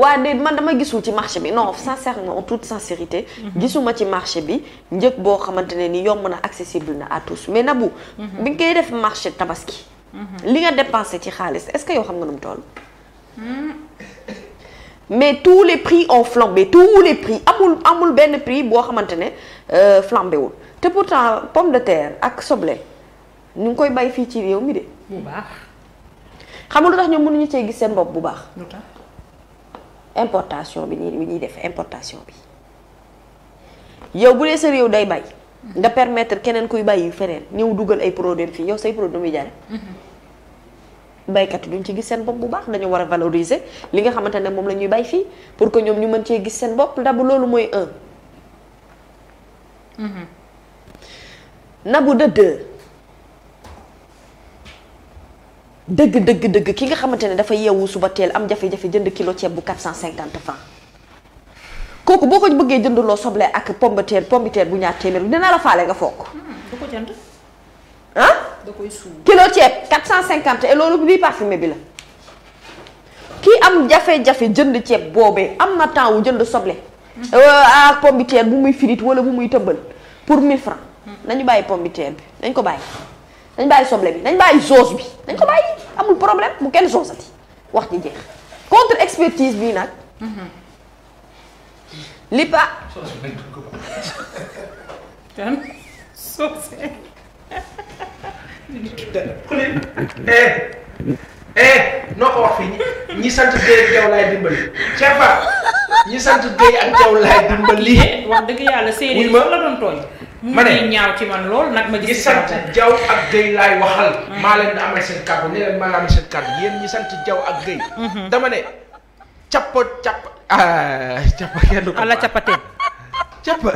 waa de man dama gisul ci marché bi non sincèrement en toute sincérité. Mhm. gisuma ci marché bi njëg boo xamante ne ni yomb na accessible na à tous mais Nabou. Mhm. bi nga koy def marché tabaski. Mhm. li nga dépensé ci xaalis est-ce que yow xam nga nu mu toll. Hmm. mais tous les prix ont flambé tous les prix amul amul benn prix boo xamante ne euh, flambé wul te pourtant pomme de terre ak soble ñu ngi koy bay fii ci réew mi de. bu baax. xam nga lu tax ñoom mënuñu cee gis seen bopp bu baax. importation bi nii bi ñuy def importation bi yow bu dee sa réew day bay nga permettre keneen kuy bàyyi feneen ñëw dugal ay produits fii yow say produits muy jaare mm-hmm. baykat yi duñ ci gis seen bopp bu baax dañu war a valoriser li nga xamante ne moom la ñuy bay fii pour que ñoom ñu mën cee gis seen bopp ndabu loolu mooy un mm-hmm. nabu de deux dëgg dëgg dëgg ki nga xamante ne dafa yeewu suba teel am jafe-jafe jënd kilo ceeb bu cent 450 francs kooku boo ko bëggee jëndaloo soble ak pombiteer pombiteer bu ñaar téeméer dina la faale nga foog. du ko jënd. ah. da koy suul kilo ceeb 450 et loolu bi la. kii am jafe-jafe jënd ceeb boobee am na temps wu jënd soble. Euh, ak pombiteer bu muy firit wala bu muy tëmbal pour 1000 francs hmm. nañu bàyyi pombiteer bi nañ ko bàyyi. dañ bàyyi soble bi nañ bàyyi sauce bi nañ ko bàyyi amul problème bu kenn soosati wax ji jeex contre expertise bii nag. Mhm. li pa. Eh, eh, noo ko wax fii ñi sant Deye ak Jaw laay dimbali. Cheikh ñi sant Deye ak Jaw laay dimbali. wax dëgg yàlla séeréer la doon tooñ. ma ne ñaaw ci man lool nag ma gis. ñi sant Diaw ak Guèye laay waxal. Mm. maa leen di amal seen kàddu ne leen maa la amal seen kàddu yéen ñi sant Diaw ak Guèye. Mm-hmm. dama ne cappa cappa ah cappa kenn du ko. ala cappateen. cappa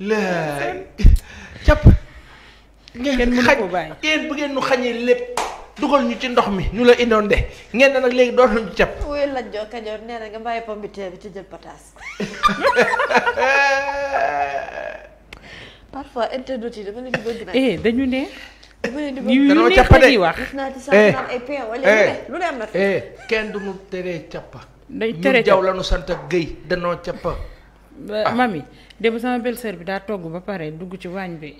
la cappa. ngeen mënu bu ngeen nu xañee lépp. dugal ñu ci ndox mi ñu la indoon de ngeen ne nag léegi doon ñu cap. wuyu la joo kajoor nee na bi ci jël pataas. parfois internautes yi dama leen di bëgg eh, dañu ne. dama leen di bëgg danoo wax. naa ci sax eh. naan ay lu ne am na fi. Eh, kenn du mu teree cappa. day tere jaw la ñu sant ak Guèye danoo cappa. Ah. mami démb sama belle bi daa togg ba pare dugg ci waañ bi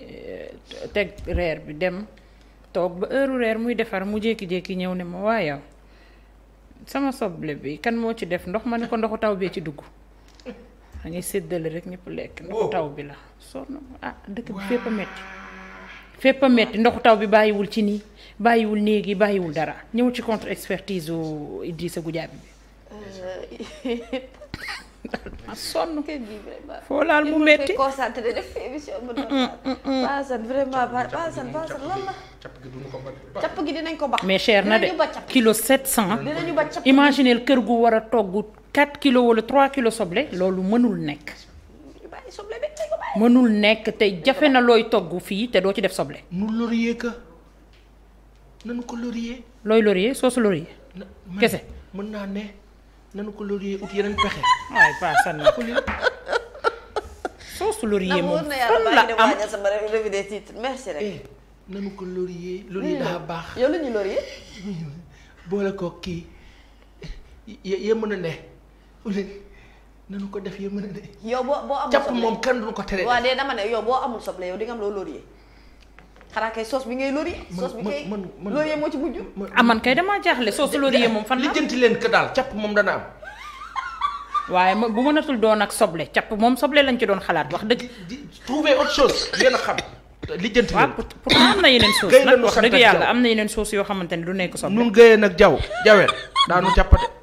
teg reer bi dem toog ba heure reer muy defar mu jékki-jékki ñëw ne ma waaye sama soble bi kan moo ci def ndox ma ne ko ndoxu taw bee ci dugg. da ngay séddale rek ñëpp lekk. ndoxu taw bi la sonn ah dëkk bi fépp a metti fépp a metti ndoxu taw bi bàyyiwul ci nii bàyyiwul néegi bàyyiwul dara ñëw ci contre expertise u Idrissa Goudiaby bi. Euh, ma sonn foo mu metti concentré def émission bu mm, mm, mm, Paasan vraiment Paasan Paasan lan ko bax mais cher na de kilo sept cent imaginez kër gu war a togg 4 kilos wala 3 kilo soble loolu mënul nekk. mënul nekk te jafe na looy togg fii te doo ci def soble. nu laurier ka nanu ko laurier. looy laurier soo su mën naa ne nanu ko laurier ut yeneen pexe. waaye Paa sànni ko lii. soo su laurier moom fan la am merci rek. Eh, hmm. baax yow la ñuy laurier. boole ko kii yé mën a ne. léegi nanu ko def yow mën a de. yow boo boo amul soble càpp moom kenn duñu ko tere. waaw de dama ne yow boo amul soble yow di nga am loo lóoree. xanaa kay soos bi ngay lóoree. soos bi kay lóoree moo ci mujj. ah man kay damaa jaaxle soos lóoree moom fan. li jënti leen ko daal càpp moom dana am. waaye ma bu mënatul doon ak soble càpp moom soble lañ ci doon xalaat wax dëgg. trouver autre chose ngeen xam. lijjanti leen waaw pourtant am na yeneen soos. gay nag wax dëgg yàlla am na yeneen soos yoo xamante ne du nekk soble. ñun gayee nag jaw jawel daanu càppate